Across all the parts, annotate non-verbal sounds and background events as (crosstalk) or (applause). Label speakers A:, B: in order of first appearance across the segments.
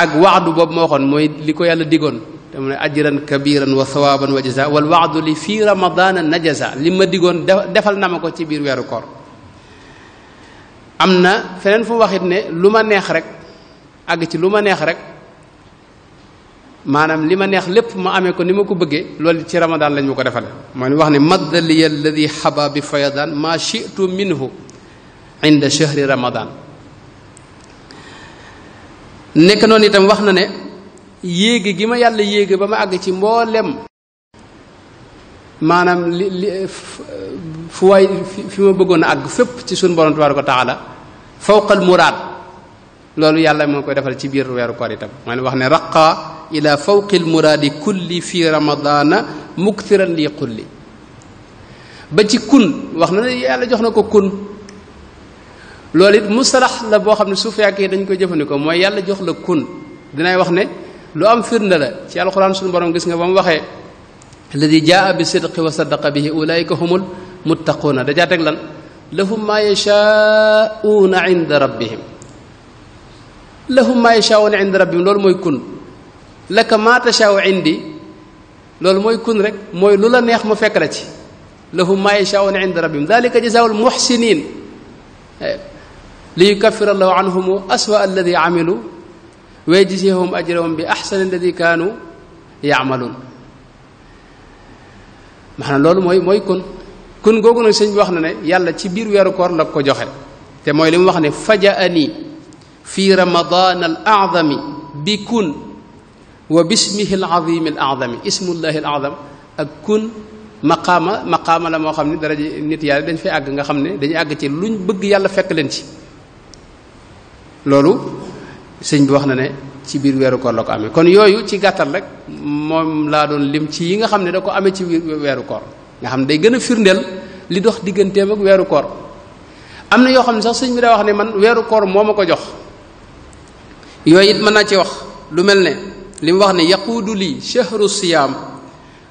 A: ak waxdu boobu moo waxoon mooy li ko yàlla diggoon te mu ne ajran kabiran wa sawaban wa jaza wal waxdu li fii ramadana najaza li ma digoon defal na ma ko ci biir weeru koor am na feneen fu waxit ne lu ma neex rek àgg ci lu ma neex rek maanaam li ma neex lépp ma amee ko ni ma ko bëggee loolu ci ramadan lañ ma ko defale moo ni wax ne maddaliya alladi xaba bi fayadan ma shitu minhu inda shahri ramadan nekk noonu itam wax na ne yéeg gi ma yàlla yéege ba ma àgg ci mboolem maanaam li li fu waay fi ma bëggoon a àgg fépp ci suñu borom tabaaraka wa taala fawqal muraad loolu yàlla moo koy defal ci biir weeru koor itam maanaam wax ne raqaa ila fawqil muraadi kulli fi ramadaana muktiran li kulli ba ci kun wax na ne yàlla jox na ko kun loolu it mustalax la boo xam ne suufiyanke yi dañ koy jëfandikoo mooy yàlla jox la kun dinay wax ne lu am firnde la ci alxuraan suñu borom gis nga ba mu waxee alladi jaa bi sidqi wa saddaqa bihi ulaika humul muttaquuna dajaa teg lan lahum maa yashaa'uuna inda rabbihim lahum maa yashaa'uuna inda mooy kun laka maa tashaa'u indi loolu mooy kun rek mooy lu la neex mu fekk la ci lahum maa yashaa'uuna inda rabbihim dalika jazaa'ul muhsinin liyukafira allahu anhumu aswa alladi amilu wa yajziyahum ajrahum bi ahsani alladi kaanu yaamaluun maanaam loolu mooy mooy kun kun googu nag sëñ bi wax na ne yàlla ci biir weeru koor la ko joxe te mooy li mu wax ne fajaani fi ramadan al azami bi kun wa bismihi al azim al azami ismullahi al azam ak kun maqaama maqaama la moo xam ne daraja nit yàlla dañ fay àgg nga xam ne dañuy àgg ci luñ bëgg yàlla fekk leen ci loolu sëñ bi wax na ne ci biir weeru koor la ko amee kon yooyu ci gàttal rek moom laa doon lim ci yi nga xam ne da ko amee ci weeru koor nga xam ne day gën a firndeel li dox digganteem ak weeru koor am na yoo xam ne sax sëñ bi daa wax ne man weeru koor moo ma ko jox yooyu it mën naa ci wax lu mel ne li mu wax ne yaquudu lii chahru siyaam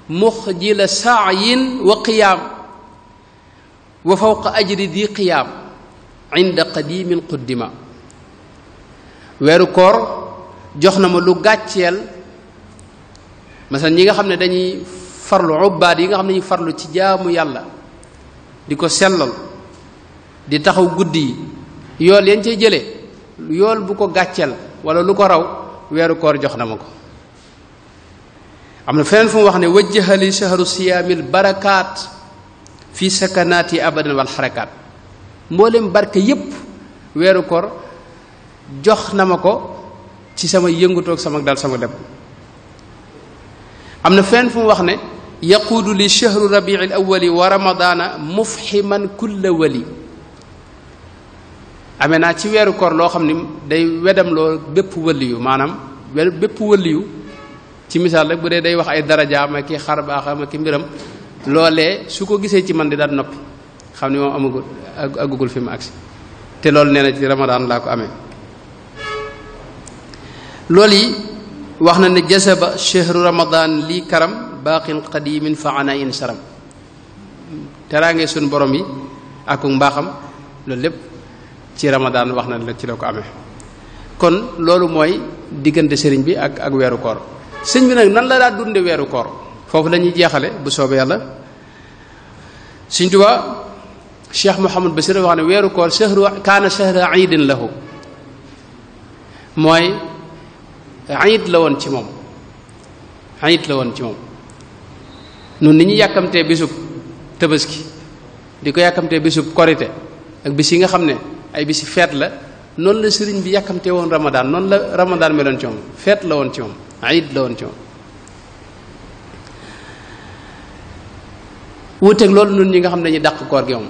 A: mux ji la saayin wa qiyaam wa fawqa ajri di qiyaam inda qadimin quddima weeru koor jox na ma lu gàcceel masalan ñi nga xam ne dañuy farlu ubbaad yi nga xam ne ñuy farlu ci jaamu yàlla di ko sellal di taxaw guddi yi yool yañ cay jëlee yool bu ko gàcceel wala lu ko raw weeru koor jox na ma ko am na feneen fu mu wax ne wajjahali shahru siyaamil barakaat fi sakanaati abadan wal xarakaat mboolem barke yépp weeru koor jox na ma ko ci sama yëngutoog sama dal sama dem am na fenn fu mu wax ne yaquudu li chahru rabiil awali wa ramadana mufhiman kulla wali amee naa ci weeru koor loo xam ni day wedam loo bépp wëliyu maanaam bépp wëliyu ci misaal rek bu dee day wax ay darajaam ak i xarbaaxam ak i mbiram loolee su ko gisee ci man di daan noppi xam ni moom amagul agugul fi mu agsi te loolu nee na ci ramadaan laa ko amee loolu yi wax na ne jase ba chehru lii karam baaqin qadimin fa ana in saram teraange suñu borom yi ak mbaaxam loolu lépp ci ramadan wax na la ci la ko amee kon loolu mooy diggante sëriñ bi ak ak weeru koor sëñ bi nag nan la daa dunde weeru koor foofu lañuy jeexale bu soobee yàlla sëñ Tuubaa cheikh Mouhamad Basir wax ne weeru koor chehru kaana chehra iidin lahu mooy ayit la woon ci moom ayit la woon ci moom nun ni ñu yàkkamtee bisub tabaski di ko yàkkamtee bisub korite ak bis yi nga xam ne ay bisi feet la noonu la sëriñ bi yàkkamtee woon ramadaan noonu la ramadaan meloon ci moom feet la woon ci moom ayit la woon ci moom wuuteeg loolu nun ñi nga xam ne dañuy dàq koor gi moom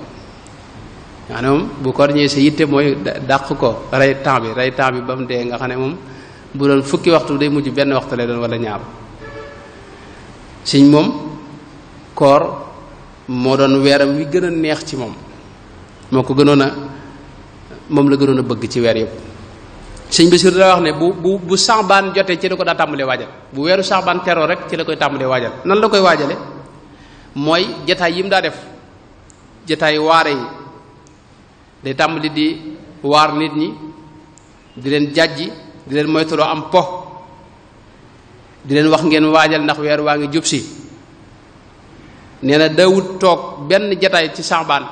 A: maanaam bu koor ñëwee sa yitte mooy dàq ko rey temps bi rey temps bi ba mu dee nga xam ne moom bu doon fukki waxtu day mujj benn waxtu lay doon wala ñaar siñ moom koor moo doon weeram wi gën a neex ci moom moo ko gënoon a moom la gënoon a bëgg ci weer yëpp sëñ si daa wax ne bu bu bu jotee ci la ko daa tàmbalee waajal bu weeru saxbaan teroo rek ci la koy tàmbalee waajal nan la koy waajale mooy jataay yim daa def jataay waare yi day tàmbali di waar nit ñi di leen jàjji di leen moytuloo am po di leen wax ngeen waajal ndax weer waa ngi jub si nee na daawut toog benn jataay ci saabaan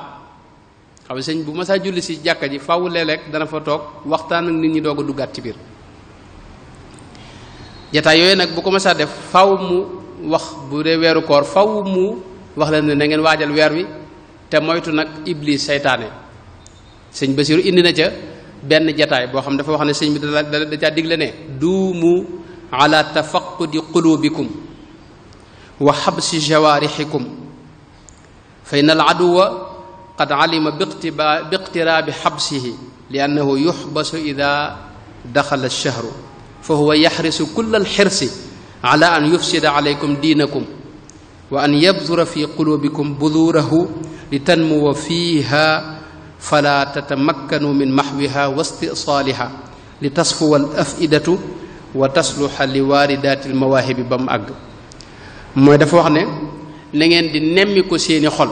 A: xam nga sëñ bu ma saa julli si jàkka ji faaw léeg dana fa toog waxtaan ak nit ñi doog a duggaat ci biir jataay yooyu nag bu ko ma saa def faw mu wax bu dee weeru koor faw mu wax leen ne na waajal weer wi te moytu nag iblis seytaane sëñ Basiru indi na ca benn jataay boo xam dafa wax ne sëñ bi da da caa digle ne duumu ala tafaqudi qulubikum wa xabsi jawaarixikum fa in al aduwa qad alima biqtiba biqtiraabi xabsihi li annahu yuxbasu ida daxala alchahru fa huwa yaxrisu kulla alxirsi ala an yufsida alaykum diinakum wa an yabdura fi qulubikum buduurahu li tanmuwa fiiha fala tatamakkanu min maxwiha wa istisaaliha li tasfuwa al afidatu wa tasluxa li waaridaati almawaahibi ba mu àgg mooy dafa wax ne na ngeen di nemmi ko seeni xol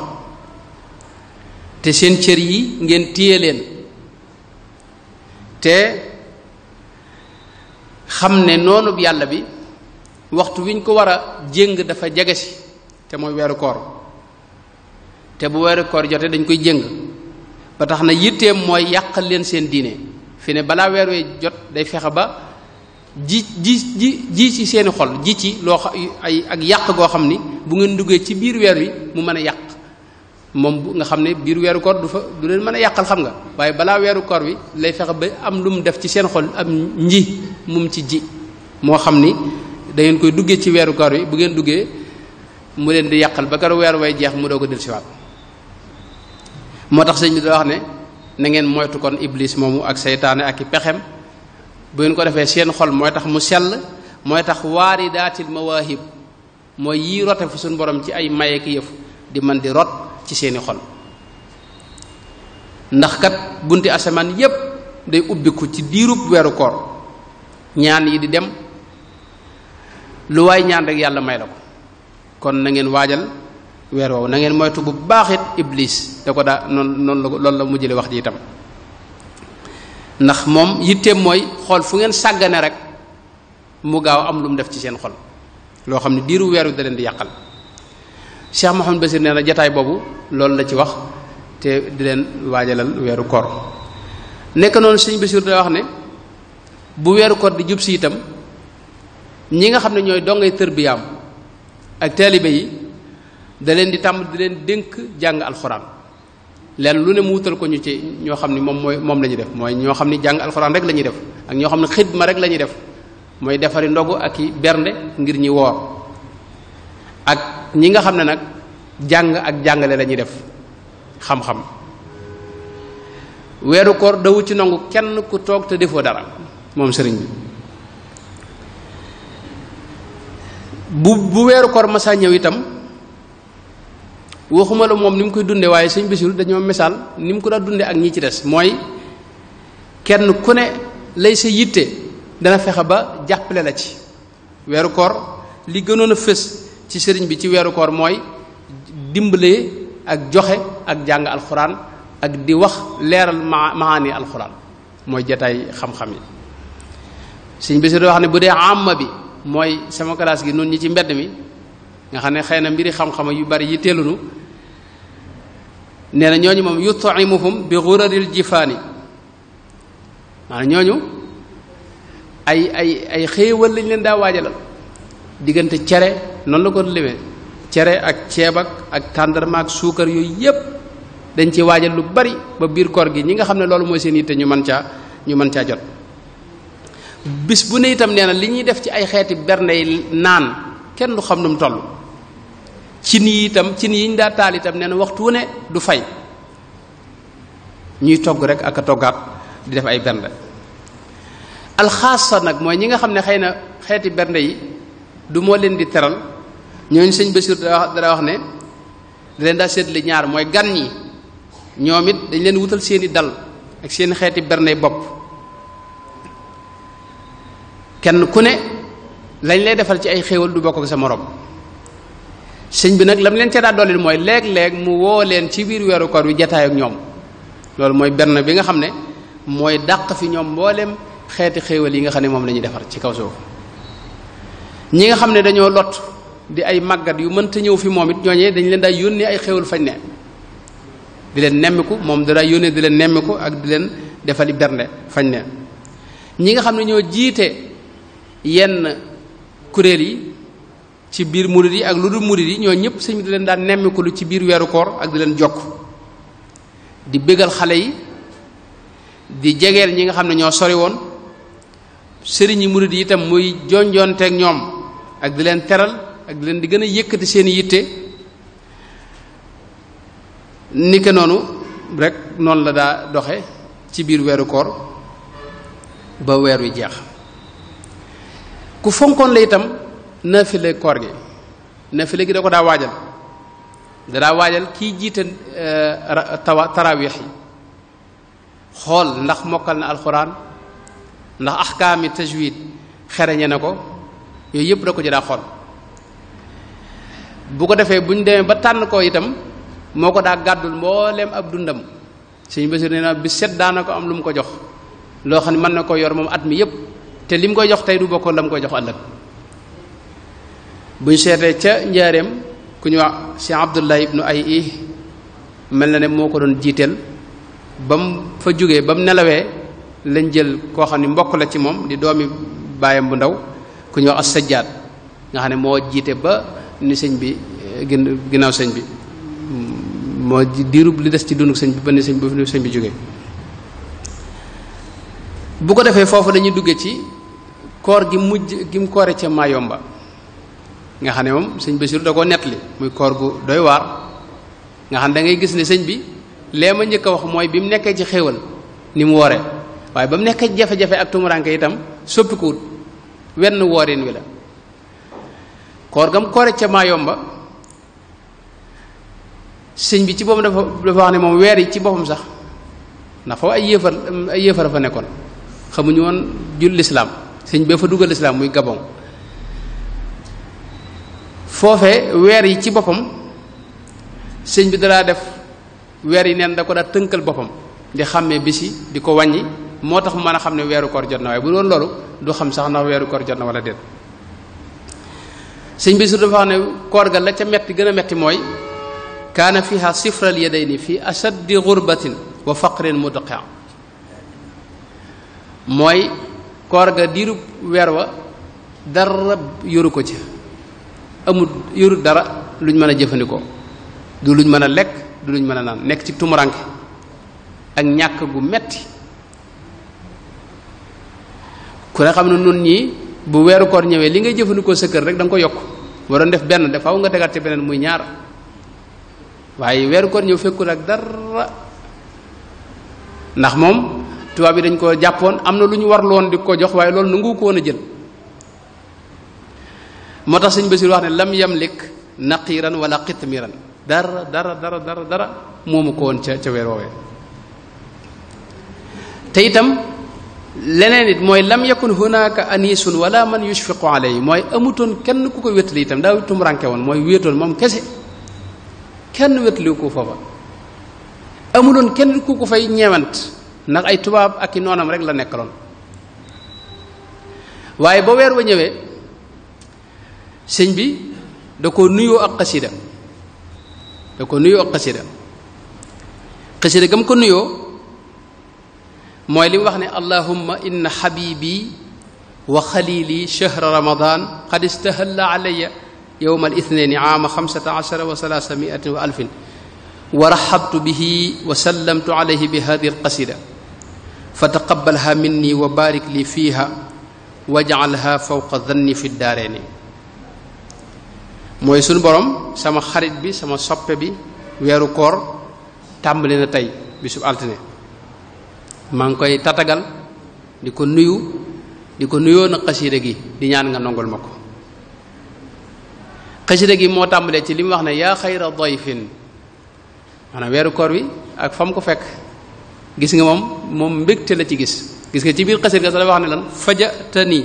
A: te seen cër yi ngeen téye leen te xam ne noonu yàlla bi waxtu wi ñu ko war a jëng dafa jege si te mooy weeru koor te bu weeru koor jotee dañ koy jéng ba tax na yitteem mooy yàqal leen seen diine fi ne balaa weer wee jot day fexe ba ji ji ji ji ci seeni xol ji ci loo ay ak yàq goo xam ni bu ngeen duggee ci biir weer wi mu mën a yàq moom nga xam ne biir weeru koor du fa du leen mën a yàqal xam nga waaye balaa weeru koor wi lay fexe ba am lu mu def ci seen xol am nji mu ci ji moo xam ni dangeen koy duggee ci weeru koor wi bu ngeen duggee mu leen di yàqal ba keroog weer way jeex mu doog a dellusiwaat moo tax sëñ bi da wax ne na ngeen moytu kon iblis moomu ak seytaane ak i pexem bu ngeen ko defee seen xol mooy tax mu sell mooy tax ma waa mawaahib mooy yii rote fu suñu boroom ci ay maye ki yëf di man di rot ci seeni xol ndax kat bunti asamaan yépp day ubbiku ci diirub weeru koor ñaan yi di dem lu waay ñaan rek yàlla may la ko kon na waajal weer woow na ngeen moytu bu baaxeet it iblis da ko daa noonu noonu la loolu la mu jële wax ji itam ndax moom yitteem mooy xool fu ngeen sàggane rek mu gaaw am lu mu def ci seen xol loo xam ne diiru weer wi da leen di yàqal Cheikh Mouhamed Basir nee na jataay boobu loolu la ci wax te di leen waajalal weeru koor nekk noonu sëñ Basir day wax ne bu weeru koor di jub si itam ñi nga xam ne ñooy dongay tërbiyaam ak taalibe yi daleen di tàmm di leen dénk jàng alxuraan leen lu ne mu wutal ko ñu ci ñoo xam ni moom mooy moom la def mooy ñoo xam ni jàng la ñuy def ak ñoo xam ne xidma rek la ñuy def mooy defari ndogu ak i bernde ngir ñi woor ak ñi nga xam ne nag jàng ak jàngale la def xam-xam weeru koor dawu ci nangu kenn ku toog te defoo dara moom sëriñ bi bu weeru koor masaa ñëw itam waxuma la moom ni mu koy dundee waaye suñ Basiru dañoo misaal ni mu ko daa dunde ak ñi ci des mooy kenn ku ne lay sa yitte dana fexe ba jàppale la ci weeru koor li gënoon a fës ci sëriñ bi ci weeru koor mooy dimbale ak joxe ak jàng alxuraan ak di wax leeral ma alxuraan mooy jataay xam-xam yi sëñ Basiru wax ne bu dee àmma bi mooy sama classe gi noonu ñi ci mbedd mi nga xam ne xëy na mbiri xam-xam yu bari yi teelunu nee na ñooñu moom yut'imuhum bi ghuraril jifaani maanaam ñooñu ay ay ay xéewal lañ leen daa waajalal diggante cere noonu la ko limee cere ak ceebak ak ak tàndarma ak suukar yooyu yépp dañ ci waajal lu bari ba biir koor gi ñi nga xam ne loolu mooy seen yitte ñu mën caa ñu mën caa jot bis bu ne itam nee li ñuy def ci ay xeeti bernde yi naan kenn du xam nu mu toll ci nii itam ci nii yiñ daa taal itam nee waxtu wu ne du fay ñuy togg rek ak a toggaat di def ay bernde alxaasa nag mooy ñi nga xam ne xey na xeeti bernde yi du moo leen di teral ñooñu sëñ Basiir dara wax ne da leen daa seetli ñaar mooy gan ñi ñoom it dañ leen wutal seeni dal ak seen xeeti bernde bopp kenn ku ne lañ lay defal ci ay xéewal du bokk ak sa morom sëñ bi nag lam leen ca daa mooy léeg-léeg mu woo leen ci biir weeru koor wi jataay ak ñoom loolu mooy benn bi nga xam ne mooy dàq fi ñoom mbooleem xeeti xéewal yi nga xam ne moom la defar ci kaw suuf ñi nga xam ne dañoo lot di ay màggat yu mënta ñëw fi moom it ñooñee dañ leen daay yónnee ay xéewal fañ ne di leen nemmiku moom da daay yónnee di leen nemmiku ak di leen defali bernde fañ ne ñi nga xam ne ñoo jiite yenn kuréel yi ci biir murid yi ak lu dul murid yi ñoo ñëpp sëñ bi di leen daan nemmiku lu ci biir weeru koor ak di leen jokk di bégal xale yi di jegeel ñi nga xam ne ñoo sore woon sëriñ yi murid yi itam muy jonjonte ak ñoom ak di leen teral ak di leen di gën a yëkkati seen yitte nike noonu rekk noonu la daa doxe ci biir weeru koor ba weer wi jeex ku fonkoon la itam naafile koor gi naafile gi da ko daa waajal da daa waajal kiy jiite eh, tawa taraawix yi xool ndax mokkal na alxuraan ndax axkaami tajwid xereñe na ko yooyu yëpp da ko ci daa xool bu ko defee bu ñu demee ba tànn koo itam moo ko daa gàddul mboolem ab dundam suñu bésir nee naa bi set daana ko am lu mu ko jox loo xam ne mën na koo yor moom at mi yëpp te li mu koy jox tey du bokkoo la mu koy jox ëllëg buñ seetee ca njaareem ku ñu wax Cheikh Abdullah nu ay i mel na ne moo ko doon jiiteel ba mu fa jógee ba mu nelawee lañ jël koo xam ne mbokk la ci moom di doomi baayam bu ndaw ku ñu wax as sajjaat nga xam ne moo jiite ba ni sëñ bi eh, gin ginnaaw sëñ bi mm, moo diirub li des ci dund sëñ bi ba ni sëñ bi sëñ bi jógee bu ko defee foofu dañuy dugge ci koor gi mujj gi mu koore ca Mayomba nga xam ne moom sëñ Basiru da koo nettali muy koor gu doy waar nga xam da ngay gis ne sëñ bi lee ma njëkk a wax mooy bi mu nekkee ci xéewal ni mu wooree waaye ba mu nekkee jafe-jafe ak tumuranke itam soppi ko wenn woorin wi la koor gam koore ca maa yomba sëñ bi ci boppam dafa wax ne moom weer yi ci boppam sax ndax foofu ay yéefar ay yéefar fa nekkoon xamuñu woon jul lislaam sëñ bee fa dugal lislaam muy Gabon foofe weer yi ci boppam sëñ bi dalaa def weer yi neen da ko daa tënkal boppam di xàmmee bisi di ko wàññi moo tax man a xam ne weeru koor jot na waaye bu doon loolu du xam sax na weeru koor jot na wala déet sëñ bi su dafa xam ne koor ga la ca metti gën a metti mooy kaana fiha sifral yadayni fi ashaddi gurbatin wa faqrin mudqa mooy koor ga diirub weer wa dara yoru ko ci amul yorut dara luñ mën a jëfandikoo du luñ mën a lekk du luñ mën a naan nekk ci tumuranke ak ñàkk gu metti ku ne xam ne nun ñii bu weeru koor ñëwee li ngay jëfandikoo sa rek danga ko yokk waroon def benn dafa aw nga tegaat ci beneen muy ñaar waaye weeru koor ñëw fekkul ak dara ndax moom tubaab yi dañ ko jàppoon am na lu ñu war loon di ko jox waaye loolu nangu ko woon a jël moo tax sëñ Basiir wax ne lam yamlik naqiran wala qitmiran dara dara dara dara dara moomu ko woon ca ca weer woowee te itam leneen it mooy lam yakun hunaka anisun wala man yushfiqu alayhi mooy amutoon kenn ku ko wétali itam daa tumranke woon mooy wéetoon moom kese kenn wétaliwu ko foofa amuloon kenn ku ko fay ñeewant ndax ay tubaab ak i noonam rek la nekkaloon waaye ba weer wa ñëwee sëñ bi da ko nuyoo ak xasida da ko nuyoo ak xasida xasida gam ko nuyoo mooy li wax ne allahumma inna xabibi wa xalili chahra ramadan qad istahalla alaya yowma alitnaini aama xamsata achara wa salaasa miatin wa alfin wa raxabtu alqasida fa taqabalha wa barik li fiha wajcalha fawqa danni fi ddaareni mooy sunu borom sama xarit bi sama soppe bi weeru koor tàmbali na tey bisub altine maa ngi koy tatagal di ko nuyu di ko nuyoo na xasida gi di ñaan nga nongul ma ko xasida gi moo tàmbalee ci li mu wax ne yaa xayra dayfin maanaam weeru koor wi ak fam ko fekk gis nga moom moom mbégte la ci gis gis nga ci biir xasida ga sax la wax ne lan fajatani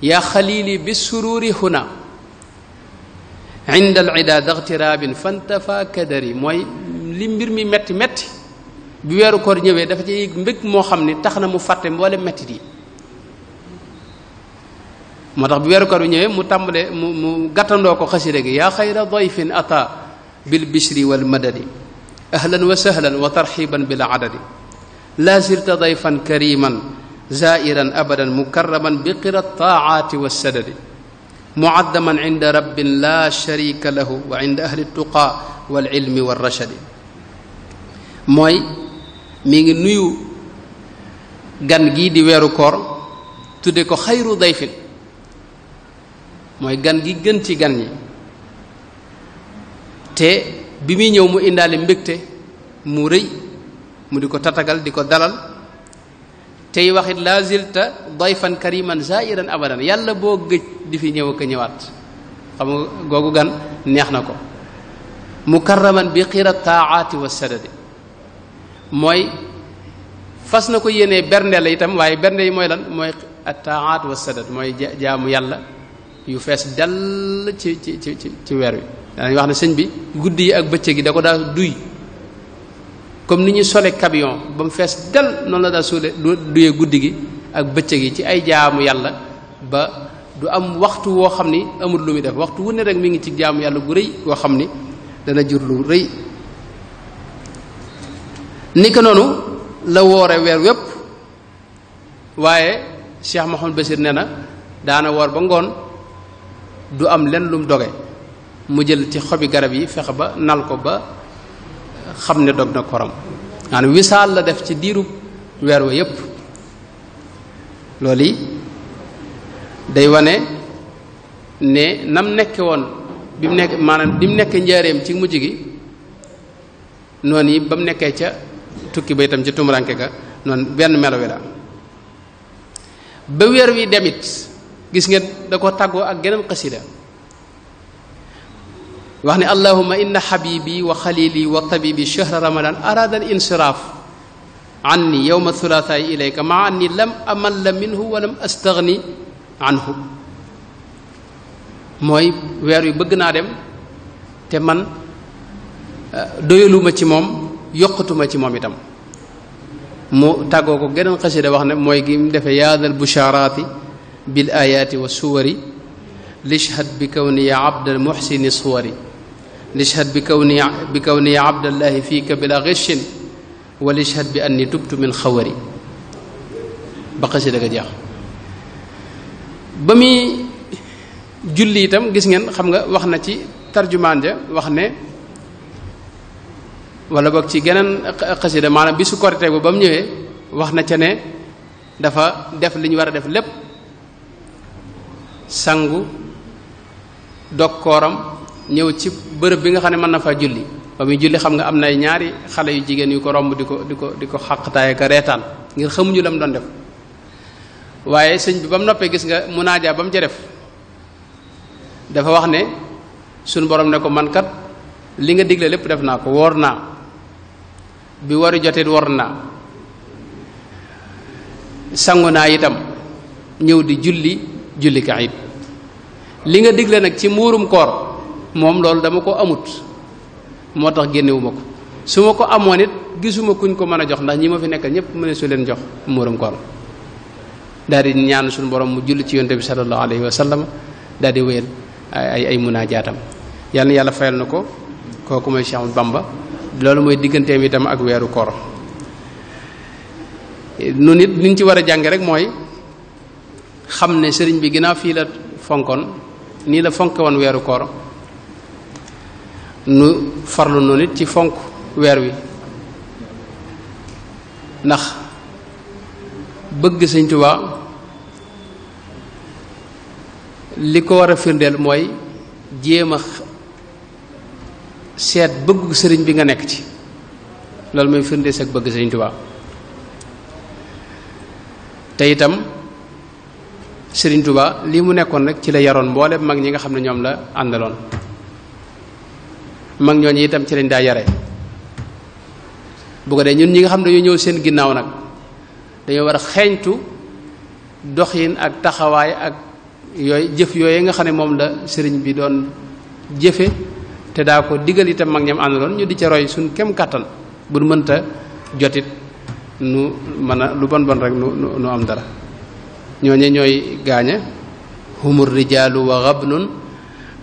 A: yaa xalili bi sururi huna inda al ida li mbir mi metti metti bi weeru koor ñëwee dafa ci mbég moo xam ni tax na mu fàtte mboole mettit yi moo tax bi weeru koor bi ñëwee mu tàmbale mu mu gàttandoo ko xasida gi yaa xayra dayfin ata bil bishri wal madadi ahlan wa sahlan wa tarxiban bila adadi laa zirta dayfan kariman zairan abadan mukarraman bi qira taaati wa sadadi muaddaman inda rabbin la sharika lahu wa inda ahli tuqaa wal ilmi war rachadi mooy mi ngi nuyu gan gii di weeru koor tudde ko xayru dayfin mooy gan gi gën ci gan ñi te bi muy ñëw mu indaale mbégte mu rëy mu di ko tatagal di ko dalal tey waxit laa zilta dayfan kariman zairan abadan yàlla boo gëj di fi ñëw ak ñëwaat xam nga googu gan neex na ko mukarraman bi xiira taaati wa sadadi mooy fas na ko yéenee bernde la itam waaye bernde yi mooy lan mooy taaat wa sadad mooy jaamu yàlla yu fees dell ci ci ci ci weer wi danañ wax na sëñ bi guddi yi ak bëccëg yi da ko daa duy comme ni ñu sole camion ba mu fees del noon la daa suule duyee guddi gi ak bëccëg yi ci ay jaamu yàlla ba du am waxtu woo xam ni amul lu muy def waxtu wu ne rek mi ngi ci jaamu yàlla gu rëy woo xam ni dana jur lu rëy ni ko noonu la woore weer wépp waaye Cheikh Mouhamed Bachir nee na daana woor ba ngoon du am lenn lum doge mu jël ci xobi garab yi fexe ba nal ko ba xam ne dog na koram maanaam wisaal la def ci diirub weer wa yépp loolu yi day wane ne nam nekke woon bi mu nekk maanaam bi mu nekk njaareem ci mujj gi noonu yi ba nekkee ca tukki ba itam ca tumuranke ga noonu benn melo wi la ba weer wi demit gis ngeen da ko tàggoo ak geneen xasida wax ne allahuma inna xabibi wa xalili wa tabibi chahra ramadan arada insiraaf anni yowma thulathaai ilayka maa anni lam amalla minhu wa lam astagni anhu mooy weer yu bëgg naa dem te man euh, doyaluma ci moom yokkatuma ci moom itam mu tàggoo ko geneen xasida wax ne mooy gi mu defee yaadal bushaaraati bil ayaati wa suwari lishhad bi kawni ya abdal muhsini suwari lishhad bi kawni bi kawni ya abdallahi fiika bila gishin wa lishhad bi anni tubtu min xawari ba xasida ga jeex ba muy julli gis ngeen xam nga wax na ci tarjumaan wax ne wala boog ci geneen xasida maanaam bi su korite ba ba mu wax na ca ne dafa def li war a def lépp sangu dog kooram ñëw ci bërëb bi nga xam ne mën na faa julli ba muy julli xam nga am na ay ñaari xale yu jigéen yu ko romb di ko di ko di ko xaqtaay ka reetaan ngir xamuñu la mu doon def waaye sëñ bi ba mu noppee gis nga munaaja ba mu ca def dafa wax ne suñu borom ne ko man kat li nga digle lépp def naa ko woor naa bi wari jotee wor naa sangu naa itam ñëw di julli julli ka it li nga digle nag ci mbuurum koor moom loolu dama ko amut moo tax génnewuma ko su ma ko amoon it gisuma kuñ ko mën a jox ndax ñi ma fi nekkal ñëpp mëne su leen jox muuram koor di ñaan suñu borom mu julli ci yonte bi sallallahu alayhi wa sallam daal di wéyal ay ay munaajaatam yàlla na yàlla fayal ko kooku mooy Cheikh Bamba loolu mooy digganteem itam ak weeru koor nu nit liñ ci war a jànge rek mooy xam ne sëriñ bi ginnaaw fii la fonkoon nii la fonke woon weeru koor nu farlu noonu it ci fonk weer wi ndax bëgg sëñ Tuubaa li ko war a firndeel mooy jéem a seet bëgg sëriñ bi nga nekk ci loolu mooy firndeel sag bëgg sëriñ Tuubaa te itam sëriñ Tuubaa lii mu nekkoon rek ci la yaroon mboolem mag ñi nga xam ne ñoom la àndaloon mag ñooñu itam ci lañ daa yare bu ko dee ñun ñi nga xam ne dañoo ñëw seen ginnaaw nag dañoo war a xeeñtu doxin ak taxawaay ak yooy jëf yooyu nga xam ne moom la sëriñ bi doon jëfe te daa ko digal itam mag ñam àndaloon ñu di ca roy suñ kem kàttan bu nu mënta jotit nu mën lu bon bon rek nu nu am dara ñooñe ñooy gaaña humur rijaalu wa ghablun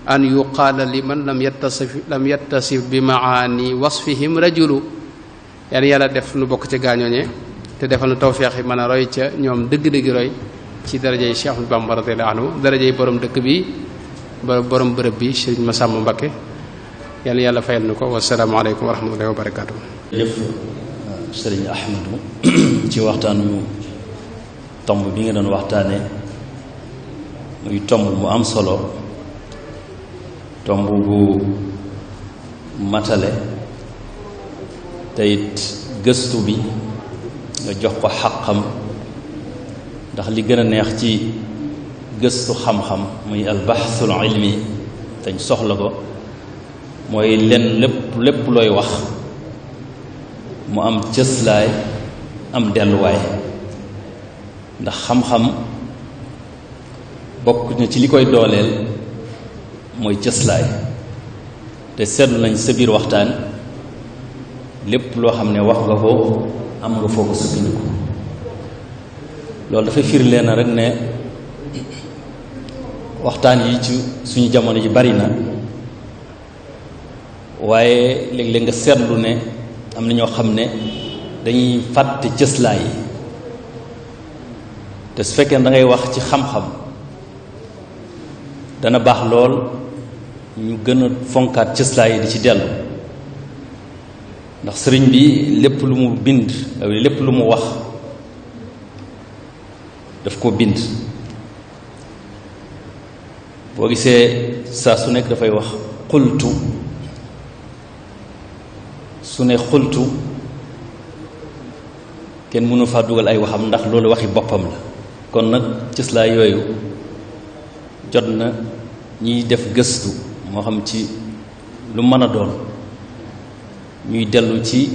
A: an yuqaala liman lam yattasif lam yattasif bi maani wasfihim rajulu yan yàlla def nu bokk ci gaañooñe te defal nu tawfeex yi man a roy ca ñoom dëgg-dëgg roy ci darajey Cheikh Ahmadou Bamba radiyallahu anhu darajey borom dëkk bi boroom bërëb bi ma sàmm Mbacké yan yàlla fayal nu ko wasalaamaaleykum wa rahmatullahi wa barakaatu. jëf euh,
B: Serigne Ahmadou (coughs) ci waxtaanu tomb bi nga doon waxtaane muy tomb mu am solo. tomb bu matale teit gëstu bi nga jox ko xaqam ndax li gën a neex ci gëstu xam-xam muy albaxsul ilmi dañ soxla ko mooy lenn lépp lépp looy wax mu am cëslaay am delluwaay ndax xam-xam bokk na ci li koy dooleel mooy cëslaay te seetlu nañ sa biir waxtaan lépp loo xam ne wax nga ko am nga foo ko sukkandiku loolu dafay firndee na rek ne waxtaan yi ci suñu jamono ji bari na waaye léeg-léeg nga seetlu ne am na ñoo xam ne dañuy fàtte cëslaay yi te su fekkee da ngay wax ci xam-xam dana baax lool ñu gën a fonkaat cëslaay di ci dellu ndax sëriñ bi lépp lu mu bind lépp lu mu wax daf ko bind boo gisee saa su nekk dafay wax xultu su ne xultu kenn mënu faa dugal ay waxam ndax loolu waxi boppam la kon nag cëslaay yooyu jot na ñuy def gëstu moo xam ci lu mën a doon ñuy dellu ci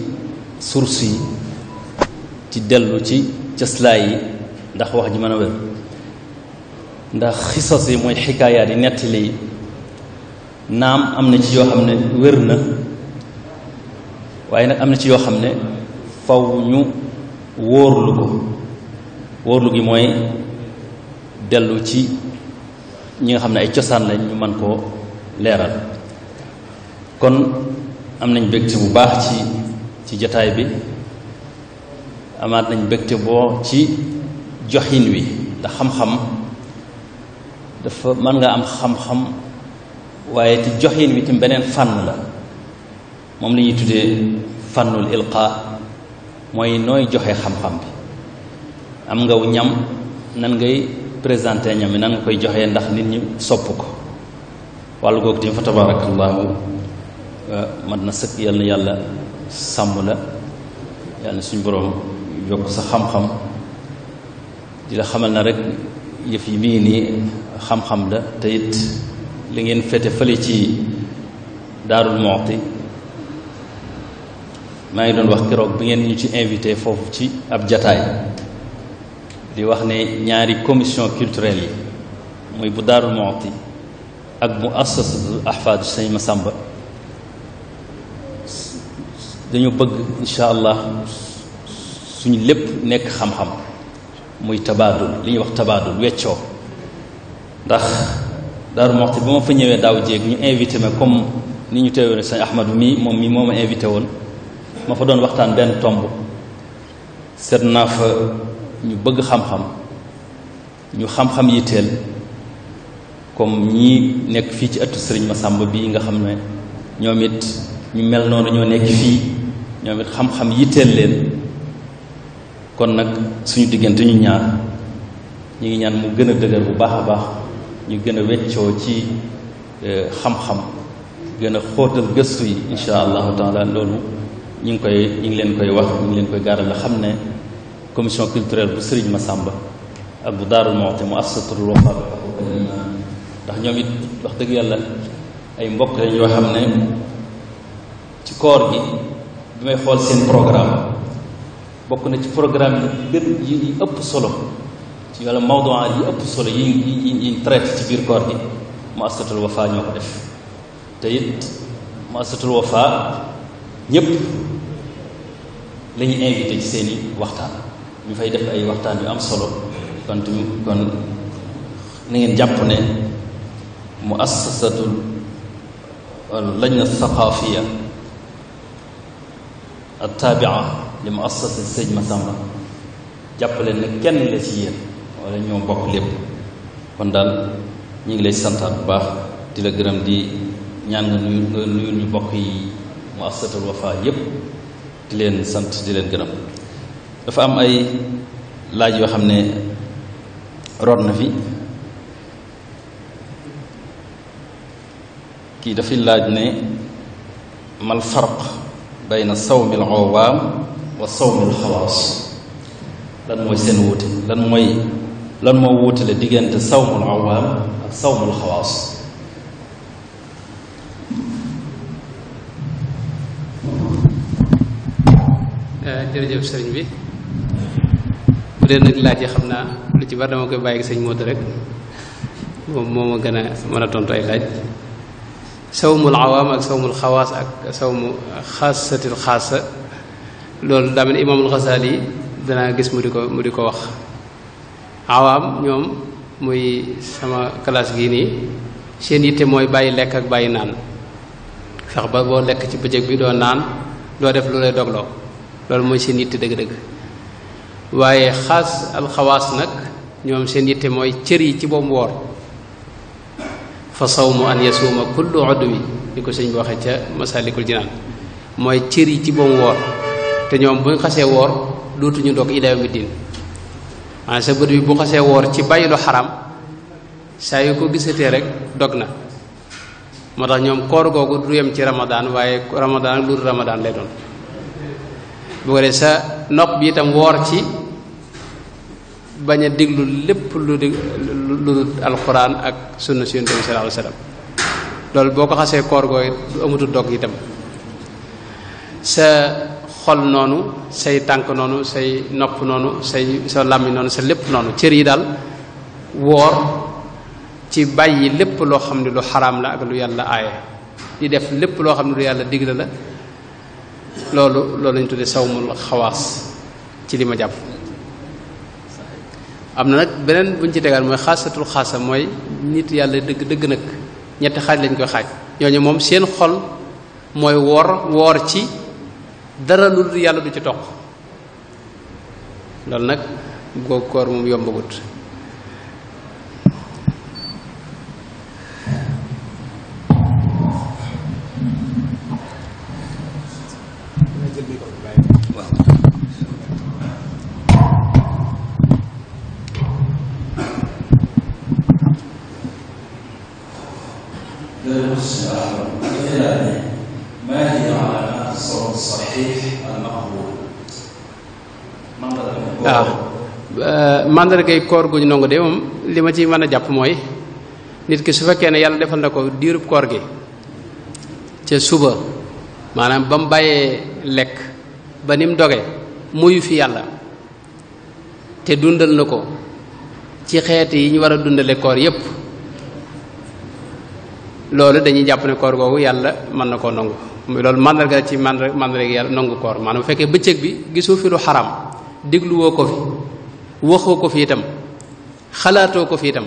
B: source ci dellu ci cëslaay yi ndax wax ji mën a wér ndax xisas yi mooy xikaayaat yi nettali naam am na ci yoo xam ne wér na waaye nag am na ci yoo xam ne faw ñu wóorlu ko wóorlu gi mooy dellu ci ñi nga xam ne ay cosaan lañ ñu man koo leeral kon am nañ bégte bu baax ci ci jataay bi amaat nañ bégte boo ci joxin wi ndax xam-xam dafa mën nga am xam-xam waaye ci joxin wi tam beneen fànn la moom lañuy tuddee fànnul ilqa mooy nooy joxe xam-xam bi am ngaw ñam nan ngay présenté ñam yi nan nga koy joxe ndax nit ñi sopp ko wàllu googu tim fa tabaarakallaahu eh, mat na sëkk yal yàlla sàmm la yal na boroom yokk sa xam-xam di la xamal na rek yëf yi mii nii xam-xam la te li ngeen fete fële ci Daarul Muxti maa ngi doon wax keroog bi ngeen ñu ci invité foofu ci ab jataay di wax ne ñaari commision culturel yi muy bu Daarul Muxti ak mu assasatul ahfaadu sëñ Masamba dañu bëgg incha allah suñu lépp nekk xam-xam muy tabaadul li ñuy wax tabaadul weccoo ndax Daaru Muxti ba ma fa ñëwee daaw jéeg ñu invité ma comme ni ñu teewoon sëñ Ahmadu mii moom mii moo ma invité woon ma fa doon waxtaan benn tomb seet naa fa ñu bëgg xam-xam ñu xam-xam yitteel comme ñi nekk fii ci ëttu sëriñ Masamba bii nga xam ne ñoom it ñu mel noonu ñoo nekk fii ñoom it xam-xam yitteel leen kon nag suñu diggante ñu ñaar ñu ngi ñaan mu gën a dëgër bu baax a baax ñu gën a weccoo ci eh, xam-xam gën a xóotal gëstu yi insha allahu taala loolu ñu ngi koy ñu ngi leen koy wax ñu ngi leen koy gaaral la xam ne commission culturelle bu ma sàmba ak bu Daarul Muxti mu assatul wafa ndax ñoom it wax dëgg yàlla ay mbokk yoo xam ne ci koor gi bi may xool seen programme bokk na ci programme yi gën yi ëpp solo ci wàlla mawduu yi ëpp solo yi yi yi traité ci biir koor gi mu asatul wafa ñoo ko def te it mu asatul wafa ñépp la ñu invité seeni waxtaan ñu fay def ay waxtaan yu am solo kon kon na ngeen jàpp ne mu muassasatu lajna thaqaafiya attaabia li muassasa sëñ Masamba jàppale ne kenn la ci yéen walla ñoo bokk lépp kon daal ñu ngi lay santaat bu baax di la gërëm di ñaan nga nuyu nga nuyul ñu bokk yi muassasatul Wafa yépp di leen sant di leen gërëm dafa am ay laaj yoo xam ne root na fi kii dafay laaj ne mal farq bayna sawmi al awaam wa sawmi al xawaas lan mooy seen wuute lan mooy lan moo wuutale diggante sawmul awaam ak sawmul xawaas
A: eh, jërëjëf sëriñ bi bu dee nag laaj yi xam naa lu ci bari dama koy bàyyi sëñ Moodu rek moom moo ma gën a mën a tontu ay laaj sawmul awaam ak sawmul xawaas ak sawmu xaasatil xaasa loolu daa mel ne imaamul Xasaali yi danaa gis mu di ko mu di ko wax awaam ñoom muy sama classe gii nii seen yitte mooy bàyyi lekk ak bàyyi naan fex ba boo lekk ci bëccëg bi doo naan doo def lu lay dogloo loolu mooy seen yitte dëgg-dëgg waaye xaas alxawaas nag ñoom seen yitte mooy cër yi ci boobu woor fa sawmu an yasuuma kullu udwi ni ko sëñ bi waxee ca masalikul jinaan mooy cër yi ci boomu woor te ñoom buñ xasee woor dootuñu doog ilaa yawmi diin maanaam sa bët bi bu xasee woor ci bàyyi lu xaram saa yu ko gisatee rek dog na moo tax ñoom koor googu du yem ci ramadaan waaye ramadaan ak lu dul ramadaan lay doon bu dee sa nopp bi itam woor ci bañ a diglu lépp lu di lu dul alxuraan ak sunna si yonent bi boo ko xasee koor gooy du amatul dog sa xol noonu say tànk noonu say nopp noonu say sa làmmiñ noonu sa lépp noonu cër yi daal woor ci bàyyi lépp loo xam ne lu xaraam la ak lu yàlla aaye di def lépp loo xam ne lu yàlla digle la loolu loolu lañ tuddee sawmul xawaas ci li ma jàpp am na nag beneen buñ ci tegaat mooy xaasatul xaasa mooy nit yàlla dëgg dëgg nag ñetti xaaj lañ koy xaaj ñooñu moom seen xol mooy woor woor ci dara lu dul yàlla du ci toq loolu nag googu koor moom yombagut màndargay koor guñ nangu de moom li ma ci mën a mooy nit ki su fekkee ne yàlla defal na ko koor gi ca suba maanaam ba mu bàyyee lekk ba ni mu doge muyu fi yàlla te dundal na ko ci xeet yi ñu war a dundale koor yépp loolu jàpp ne koor googu yàlla mën na koo nangu loolu màndarga ci màndarga yàlla nangu koor maanaam bu fekkee bëccëg bi gisu fi lu xaram dégluwoo ko fi waxoo ko fi itam xalaatoo ko fi itam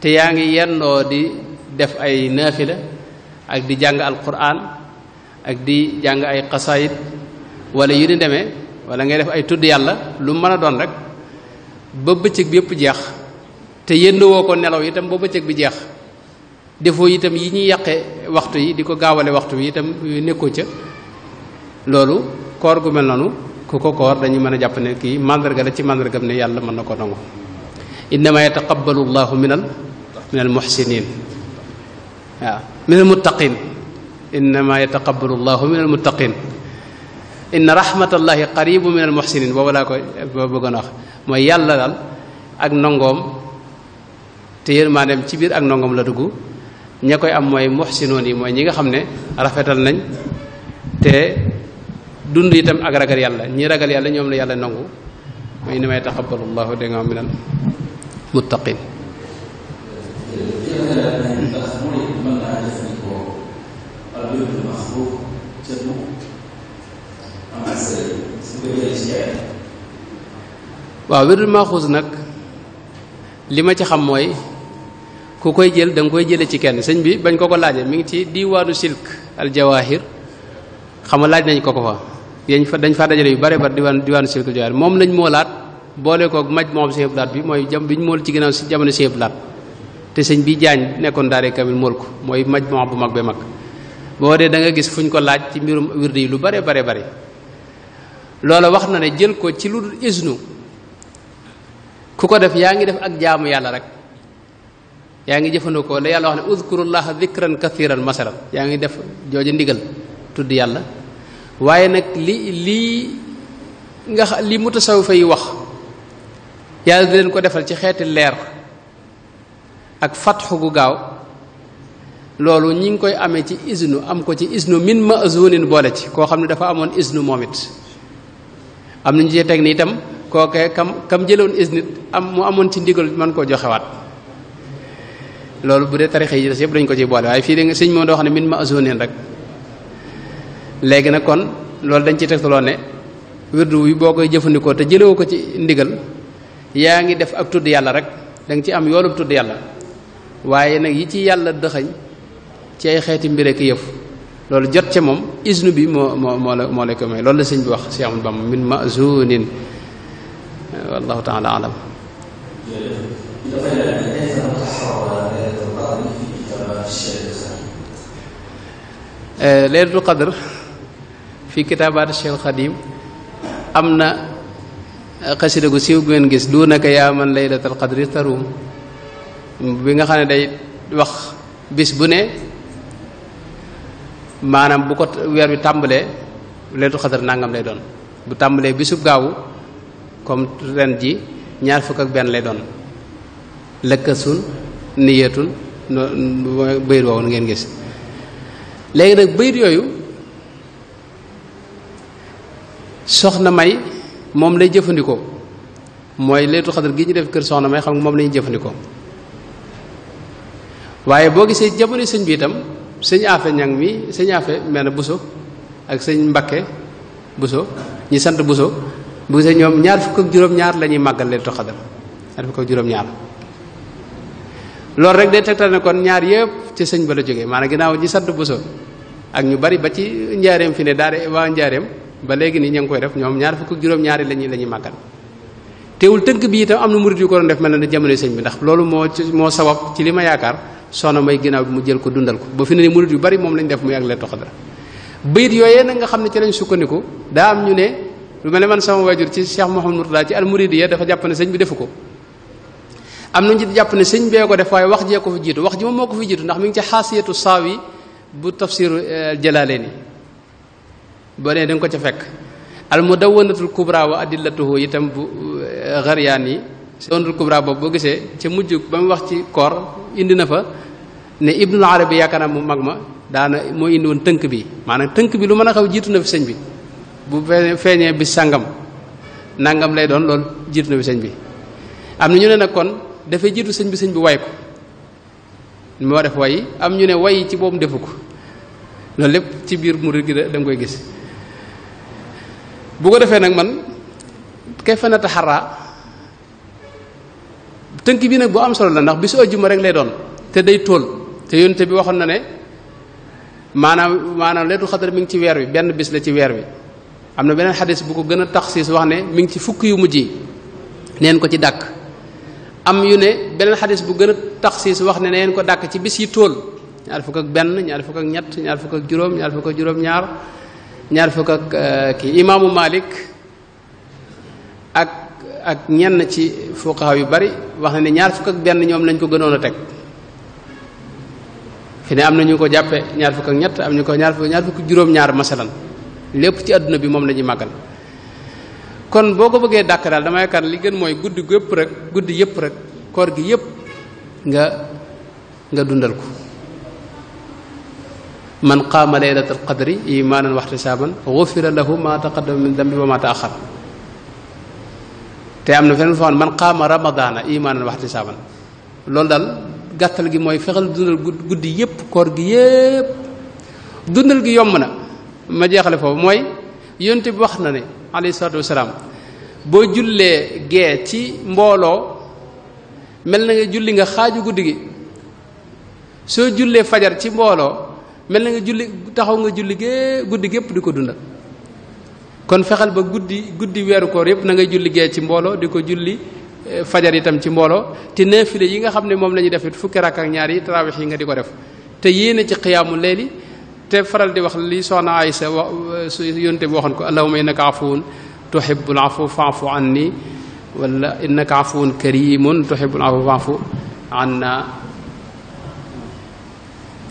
A: te yaa ngi yendoo di def ay naafila ak di jàng alquran ak di jàng ay xasaayit wala yu di deme walla ngay def ay tudd yàlla lu mën a doon rek ba bëccëg bi yëpp jeex te yendowoo ko nelaw itam ba bëccëg bi jeex defoo itam yi ñuy yàqe waxtu yi di ko gaawale waxtu bi itam nekkoo ca loolu koor gu mel noonu ku ko koor dañu mën a jàpp ne kii mandarga la ci mandargam ne yàlla mën na ko nangu innama yataqabbalu llahu minal minal muhsinin waaw minal muttaqin innama yataqabbalu llahu minal muttaqin inna rahmatallahi qaribu minal muhsinin boobu laa koy boo bëggoon wax mooy yàlla daal ak nangoom te yërmaandeem ci biir ak nangoom la dugg ña koy am mooy muhsinoon yi mooy ñi nga xam ne rafetal nañ te dund itam ak ragal yàlla ñi ragal yàlla ñoom la yàlla nangu muy ni may taqabbalu llahu nga minal muttaqin waaw wérdul maaxuus nag li ma ci xam mooy ku koy jël danga koy jële ci kenn sëñ bi bañ ko ko laajee mi ngi ci diwaanu silk al jawahir xam nga laaj nañ ko ko fa yañ fa dañ fa dajale yu bare bari diwaan diwaanu cercle Diouar moom lañ moolaat boole koog maj moom Sëñ Abdou Lahad bi mooy jam bi ñu mool ci ginnaaw si jamono Sëñ Abdou Lahad te sëñ bi jaañ nekkoon daaree kamil mool ko mooy maj moom bu mag be mag boo dee da nga gis fu ñu ko laaj ci mbirum wirde yi lu bare bare bare loola wax na ne jël ko ci lu dul isnu ku ko def yaa ngi def ak jaamu yàlla rek yaa ngi jëfandikoo la yàlla wax ne uzkurullaha dhikran kathiran masalan yaa ngi def jooju ndigal tudd yàlla waaye nag li lii nga xam li mutasawifa yi wax yàlla di leen ko defal ci xeeti leer ak fatxu gu gaaw loolu ñu ngi koy amee ci isnu am ko ci isnu min mazunin boole ci koo xam ne dafa amoon isnu moom it am nañu ci teg ni itam kooke kam kam jëloon isnit am mu amoon ci ndigal man koo joxewaat loolu bu dee tarixe yi des yëpp dañu ko ci boole waaye fii de nga sëñ doo xam ne min mazunin rek léegi nag kon loolu dañ ciy tegtaloo ne wirdu wi boo koy jëfandikoo te jëlewoo ko ci ndigal yaa ngi def ak tudd yàlla rek da ci am yoolub tudd yàlla waaye nag yi ci yàlla dëxañ ci ay xeeti mbir ak yëf loolu jot ca moom isnu bi moo moo moo la loolu la sëñ bi wax si amul bam min mazunin wallahu taala alam eh, laylatul qadr fi kitaabaat Cheikh Khadim am na eh, xasida gu siiw gu ngeen gis du naka yaa man lay laylatal qadri tarum bi nga xam ne day wax bis bu ne maanaam bu ko weer wi tàmbalee laylatul qadr nangam lay doon bu tàmbalee bisub gaawu comme ren ji ñaar fukk ak benn lay doon lëkkasun niyeetun no bayit woowu ngeen gis léegi nag bayit yooyu soxna may moom lay jëfandikoo mooy leetu xadar gi ñu def kër soxna may xam nga moom lañuy ñuy jëfandikoo waaye boo gisee jamono sëñ bi itam sëñ afe ñang mi sëñ afe mel na buso ak sëñ mbakke buso ñi sant buso bu gisee ñoom ñaar fukk ak juróom-ñaar la ñuy màggal leetu xadar ñaar fukk ak juróom-ñaar loolu rek day tegtal ne kon ñaar yëpp ci sëñ ba la jógee maanaam ginnaaw ñi sant buso ak ñu bari ba ci njaareem fi ne daara waa njaareem ba léegi nii ña ngi koy def ñoom ñaar fukk juróom-ñaari la ñuy la ñuy màggal teewul tënk bi itam am na murid yu ko doon def mel na ne jamono sëñ bi ndax loolu moo moo sabab ci li ma yaakaar soxna may ginnaaw bi mu jël ko dundal ko ba fi ne ne murid yu bari moom lañ def muy ak Laylatul Qadr bayit yooyee nag nga ne ci lañ sukkandiku daa am ñu ne lu mel ne man sama waajur ci Cheikh Mouhamadou Mourtada ci almuridiya dafa jàpp ne sëñ bi defu ko am nañu ci jàpp ne sëñ bee ko def waaye wax jee ko fi jiitu wax ji moom moo ko fi jiitu ndax mi ngi ci xaasiyatu saawi bu tafsiru eh, jalaaleeni boo nee da nga ko ca fekk al mudawwanatul kubra wa adillatuhu itam bu xariyaan eh, yi mudawwanatul kubra boobu boo gisee ca mujj ba mu wax ci koor indi na fa ne ibnul arabi yaakaar naa mu mag ma daana moo indi woon tënk bi maanaam tënk bi lu mën a xaw jiitu na fi sëñ bi bu feeñee bi sàngam nangam lay doon loolu jiitu na fi sëñ bi am na ñu ne nag kon dafay jiitu sëñ bi sëñ bi way ko moo def way am ñu ne way ci boobu defu ko loolu lépp ci biir murid gi da koy gis bu ko defee nag man kay fa nataxaraa tënk bi nag bu am solo la ndax bisu àjjuma rek lay doon te day tool te yonte bi waxoon na ne maanaam maanaam leetul xadar mi ngi ci weer wi benn bis la ci weer wi am na beneen xadis bu ko gën a taxsiis wax ne mi ngi ci fukk yu mujj yi neen ko ci dàkk am yu ne beneen xadis bu gën a taxsiis wax ne neen ko dàkk ci bis yi tool ñaar fukk ak benn ñaar fukk ak ñett ñaar fukk ak juróom ñaar fukk ak juróom-ñaar ñaar fukk ak euh, kii imaamu Malik ak ak ñenn ci fuqaha yu bari wax na ni ñaar fukk ak benn ñoom lañ ko gënoon a teg fi ne am na ñu ko jàppe ñaar fukk ak ñett am ñu ko ñaar fukk ñaar fukk juróom-ñaar masalan lépp ci àdduna bi moom la ñuy màggal kon boo ko bëggee dàkk daal dama yaakaar li gën mooy gudd yëpp rek guddi yëpp rek koor gi yëpp nga nga dundal ko man qaama laylatal qadri imaanan waxtisaaban gufira lahu ma taqaddama min dambi wa ma taaxar te am na feneen foo xam ne man qaama ramadaana imaanan waxtisaaban loolu daal gàttal gi mooy fexeel dundal guddi yépp koor gi yépp dundal gi yomb na ma jeexale foofu mooy yonte bi wax na ne alayhi salaatu wasalaam boo jullee gee ci mbooloo mel na nga julli nga xaaju guddi gi soo jullee fajar ci mbooloo mel na nga julli taxaw nga julli gée guddi gépp di ko dundal kon fexeel ba guddi guddi weeru koor yëpp na ngay julli gee ci mbooloo di ko julli eh, fajar itam ci mbooloo te naafile yi nga xam ne moom la ñuy def it fukki rakk ak ñaar yi yi nga di ko def te yéene ci xiyaamu leeli te faral di wax li soxna Aysa wa yonte bi waxoon ko allahumma innaka afuwun tuhibbul afwa fa'fu anni wala innaka afuwun karimun tuhibbul afwa fa'fu anna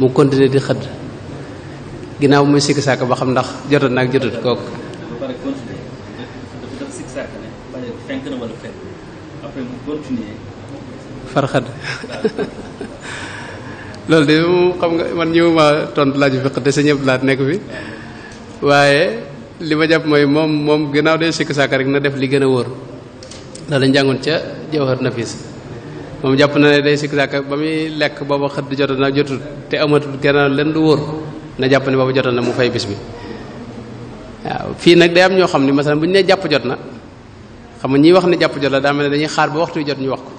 A: mu continuer di xëdd ginnaaw muy sikki sàkk ba xam ndax jotut naag jotut kooku far xëdd loolu de moom xam nga man ñëwuma tontu laaju fiq te sa ñëpp laat nekk bi waaye li ma jàpp mooy moom moom ginnaaw day sikki sàkk rek na def li gën a wóor la njàngoon ca na nafis moom jàpp na ne day sikk sàkk ba muy lekk booba xëdd jotoon na jotul te amatul kenn leen du wóor na jàpp ne booba jotoon na mu fay bis bi waaw fii nag day am ñoo xam ne masalan bu ñu nee jàpp jot na xam nga ñiy wax ne jàpp jot daa mel ne dañuy xaar ba waxtu jot ñu wax ko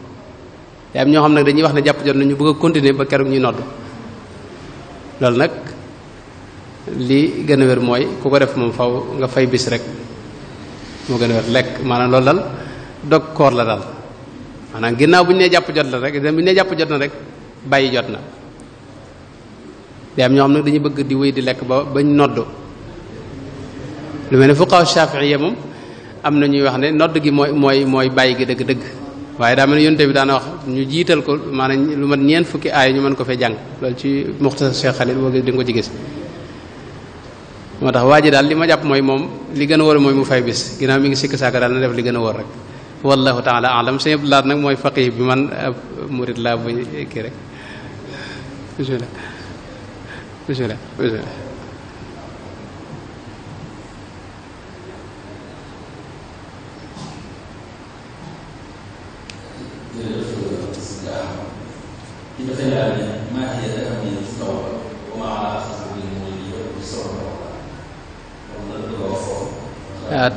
A: ñoo xam nag dañuy wax ne jàpp jot na ñu bëgg a ba keroog ñuy nodd loolu nag li gën a wér mooy ku ko def moom faw nga fay bis rek moo gën a wér lekk maanaam loolu dal dog koor la daal maanaam ginnaaw bu ñu nee jàpp jot na rek bu ñu nee jàpp jot na rek bàyyi jot na day am ñoo xam nag dañuy bëgg di wéy di lekk ba bañ nodd lu mel ne fuqaha shafi'iyya moom am na ñuy wax ne nodd gi mooy mooy mooy bàyyi gi dëgg-dëgg waaye daa mel ne yonte bi daana wax ñu jiital ko maanaam lu mat ñeent fukki aay ñu mën ko fee jàng loolu ci muxtasar Cheikh Khalil boo gis di ko ci gis moo tax waa ji daal li ma jàpp mooy moom li gën a wóor mooy mu fay bis ginnaaw mi ngi sikk saaka daal na def li gën a wóor rek wallahu taala alam sëñ Abdou Lahad nag mooy faqih bi man ab euh, murid laa bu kii rek bismillah bismillah bismillah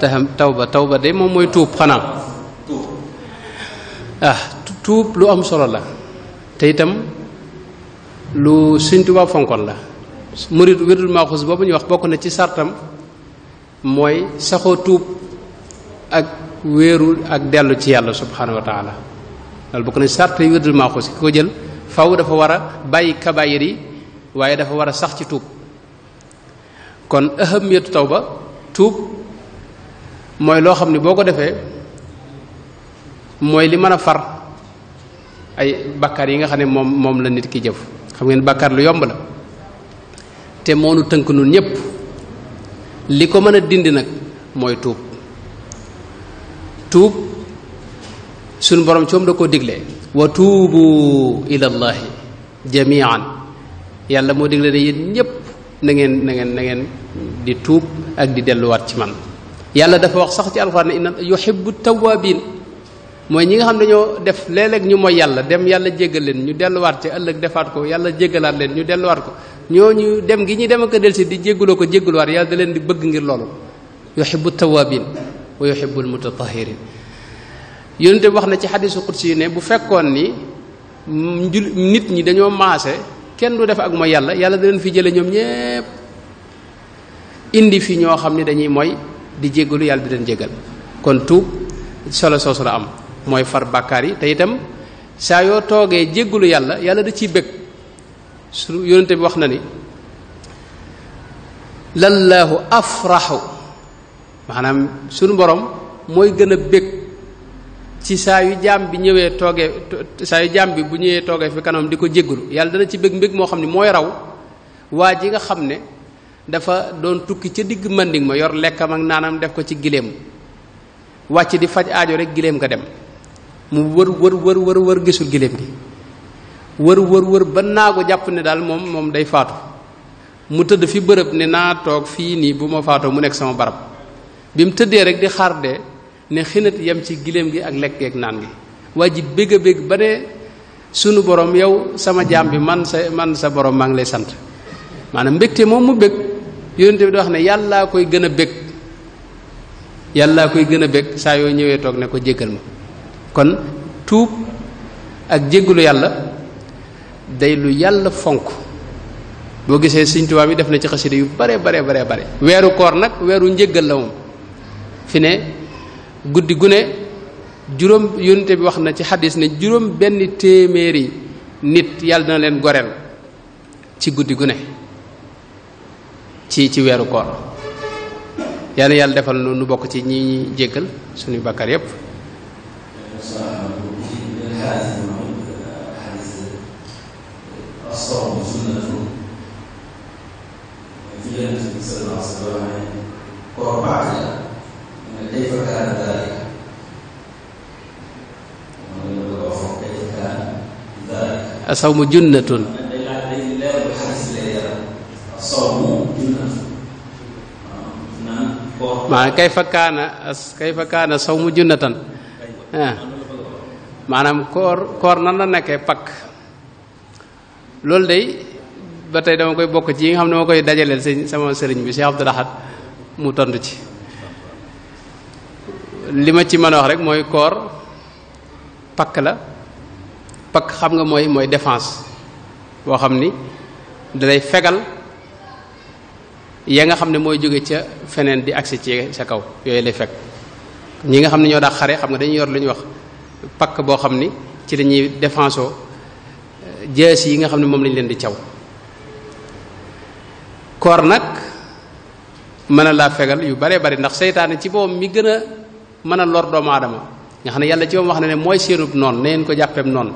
A: taw tawba tawba de moom mooy tuub xanaa ah tuub lu am solo la te itam lu Sëñ Tuubaa fonkoon la murid wirdul maaxus boobu ñuy wax bokk na ci sartam mooy saxoo tuub ak wéerul ak dellu ci yàlla subhaanahu wa taala loolu bokk na ci sart yi wirdul maaxus ki ko jël faw dafa war a bàyyi kabaayir yi waaye dafa war a sax ci tuub kon taw ba tuub mooy loo xam ne boo ko defee mooy li mën a far ay bakkaar yi nga xam ne moom moom la nit ki jëf xam ngeen bakkaar lu yomb la te moonu tënk nun ñépp li ko mën a dindi nag mooy tuub tuub suñu borom coom da koo digle wa tuubu ilallahi jamian yàlla moo digle ne yéen ñépp na ngeen na ngeen na di tuub ak di delluwaat ci man yàlla dafa wax sax ci alxuraan ne inna yuhibbu tawwabin mooy ñi nga xam ne dañoo def léeg ñu mooy yàlla dem yàlla jéggal leen ñu delluwaat ci ëllëg defaat ko yàlla jéggalaat leen ñu delluwaat ko ñoo ñu dem gi ñuy dem ak a delsi di jéggaloo ko jéggaluwaat yàlla da leen di bëgg ngir loolu yuhibbu tawabin wa yuhibbu almutatahirin yonente bi wax na ci xadisu qudsi ne bu fekkoon ni njul nit ñi dañoo maase kenn du def ak mooy yàlla yàlla da leen fi jële ñoom ñépp indi fi ñoo xam ne dañuy mooy di jéggalu yàlla di leen jéggal kon tuub solo soosu la am mooy far bàkkaar yi te itam saa yoo toogee jéggulu yàlla yàlla da ciy bëgg su yonente bi wax na ni lallaahu afraxu maanaam sunu boroom mooy gën a bëgg ci saa yu jaam bi ñëwee toogee saa yu jaam bi bu ñëwee toogee fi kanam di ko jéggulu yàlla dana ci bëgg mbëgg moo xam ni mooy raw waa ji nga xam ne dafa doon tukki ca digg manding ma yor lekkam ak naanam def ko ci giléem wàcc di faj aajo rek giléem nga dem mu wër wër wër wër wër gisul giléem gi wër wër wër ba naagu jàpp ne daal moom moom day faatu mu tëdd fi bërëb ne naa toog fii nii bu ma faatoo mu nekk sama barab bi mu tëddee rek di xaar de ne xinat yem ci giléem gi ak lekk naan gi waa ji bégg a bégg ba ne sunu borom yow sama jaam bi man sa man sa borom maa ngi lay sant maanaam mbégte moom mu bég yonente bi di wax ne yàllaa koy gën a bég yàllaa koy gën a bég saa yoo ñëwee toog ne ko jéggal ma kon tuub ak jéggalu yàlla day lu yàlla fonk boo gisee Sëriñ Tuubaa bi def na ci xasida yu bare bare bare bare weeru koor nag weeru njéggal la moom fi ne guddi gune juróom yonent bi wax na ci xadis ne juróom benn téeméeri nit yàlla na leen goreel ci guddi gune ci ci weeru koor yàlla yàlla defal nu bokk ci ñi ñi jéggal suñu bàkkaar yépp
B: بصراحة الحادث الموجود حادث أصله سنته في ليلة السنة العصر وأربعة كيف كان ذلك؟ كيف كان ذلك؟
A: الصوم جنة مع كيف كان كيف كان الصوم جنة آه. maanaam koor koor nan la nekkee pakk loolu day ba tey dama koy bokk ci yi nga xam ne moo koy dajaleel sëñ sama sëriñ bi Cheikh Abdoul Ahad mu tontu ci li ma ci mën a wax rek mooy koor pakk la pakk xam nga mooy mooy défense boo xam ni dalay fegal ya nga xam ne mooy jóge ca feneen di agsi ci sa kaw yooyu lay fekk ñi nga xam ne ñoo daa xare xam nga dañu yor lu ñu wax pakk boo xam ni ci la ñuy défensoo euh, jees yi nga xam ne moom lañ leen di caw koor nag mën a laa fegal yu baree bari ndax seytaane ci boppam mi gën a mën a lor doomu aadama nga xam ne yàlla ci moom wax na ne mooy seenub noon na ko jàppeem noonu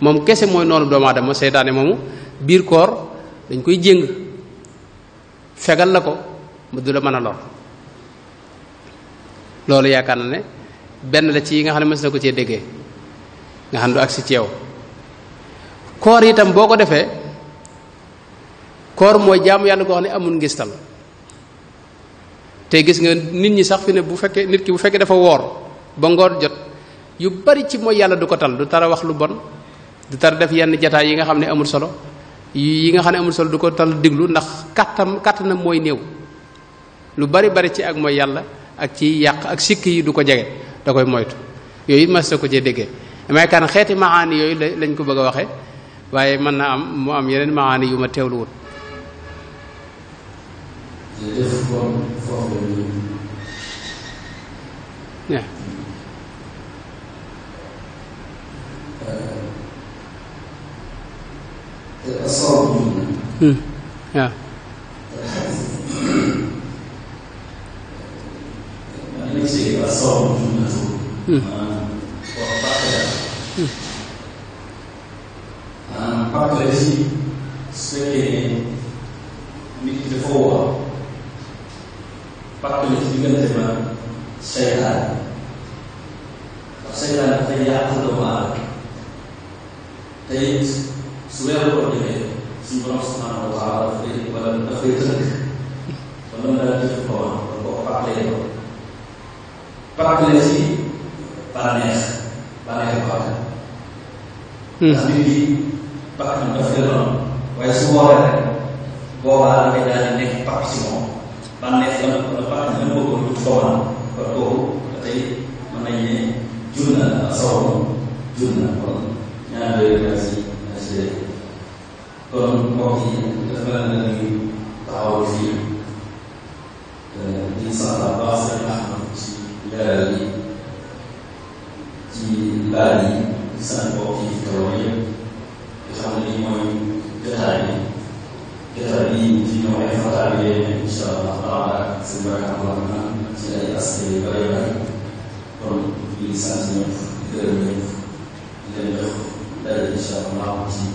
A: moom kese mooy noonu doomu aadama seytaane moomu biir koor dañ koy jëng fegal la ko du la mën a lor loolu yaakaar na ne benn la ci yi nga xam ne mës na ko cee déggee nga xam ne du agsi ci yow koor itam boo ko defee koor mooy jaamu yàlla goo xam ne amul ngistal te gis nga nit ñi sax fi ne bu fekkee nit ki bu fekkee dafa woor ba ngoor jot yu bari ci mooy yàlla du ko tal du tara wax lu bon du tara def yenn jataay yi nga xam ne amul solo yi nga xam ne amul solo du ko tal diglu ndax kàttam kàttanam mooy néew lu bari bari ci ak mooy yàlla ak ci yàq ak sikk yi du ko jege da koy moytu yooyu it ko cee déggee damay kan xeeti maxaani yooyu lañ ko bëgg a waxe waaye mën na am mu am yeneen maxaani yu ma teewluwut waaw hmm. waaw
C: dina gisee ba sawam
B: junne maanaam pàcc la ci su fekkee nit ki dafa wóor pàcc la ci diggante ba seytaan ndax seytaan dafay yàq doomu aadama te it su weeru ko jëlee suñu borom subhanahu wa taala dafay wala dafay tënk wala mu daal di ko woon boo ko pàcc fàkk leen ci bànneex bànneexu bakkan. ndax nit ki bakkan daf koy doon waaye su boobaa rek boobaa la ngay daal di nekk pàkk ci moom bànneex la wala bakkan la bëggoon du foofu kon kooku tey mën nañu ne jur na saw jur na kon ñaar yooyu daal si daal si kon mbokk yi dafa la nuyu taxawal fii di sant baax seen leeral yi ci baal yi sant bopp yi toloo yëpp nga xam ne lii mooy jotaay bi jotaay bii ñu fi ñëw ay fataal yee incha allah taala si barka am na ci ay aspect yu bëri bëri kon ñu sant ñëpp gërëm ñëpp leen jox dara incha allah ci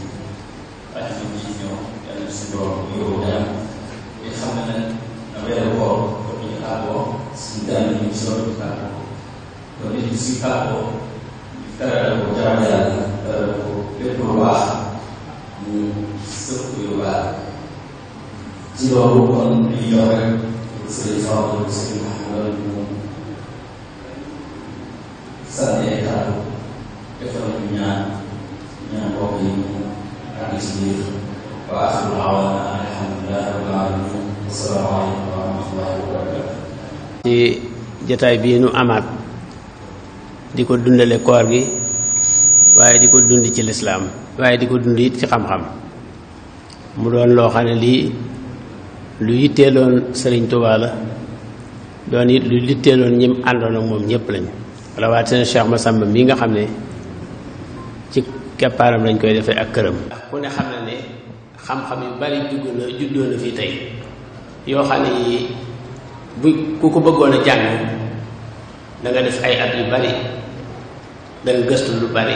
B: ay fi ñu ñëw yàlla si borom yóbbu jàmm nga xam ne nag na weeru koor ko ñu àggoo sita michoro kikapo onekisikapo kutanda pepurwa musokuyoba
C: jirorukon liyore
B: kusirifawo kusirimahangalimu sanekalo efaminya nyakokimu alisir وآخر دعوانا الحمد لله رب العالمين والسلام عليكم ورحمة
C: الله وبركاته ci jataay bii nu amaat di ko dundale koor gi waaye di ko dund ci lislaam waaye di ko dund it ci xam-xam mu doon loo xam ne lii lu yitteeloon sëriñ Tuubaa la doon it lu yitteeloon ñim àndoon ak moom ñëpp lañ rawatina ma Massamba mii nga xam ne ci keppaaram lañ koy defee ak këram ndax ku ne xam na ne xam-xam yu bari juddoo na juddoo na tey yoo xam ne yi bu ku ko bëggoon a jàng da def ay at yu bari da gëstu lu bari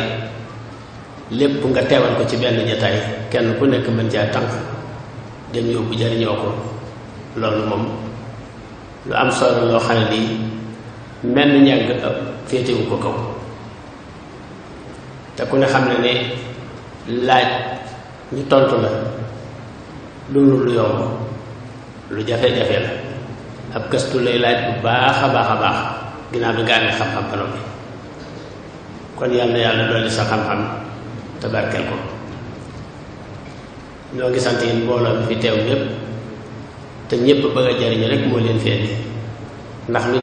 C: lépp nga teewal ko ci benn jataay kenn ku nekk mën caa tànk dem yóbbu jariñoo ko loolu moom lu am solo loo xam ne lii mel ni njàng féetewu ko kaw te ku ne xam ne ne laaj ñu tontu la lu lu yomb lu jafe-jafe la ab gëstu lay laaj bu baax a baax a baax ginnaaw bi nga amee xam-xam kon yàlla yàlla dolli sa xam-xam te barkeel ko ñoo ngi sant yi mbooloo mi fi teew ñépp te ñépp bëgg a jariñu
B: rek moo leen fi indi ndax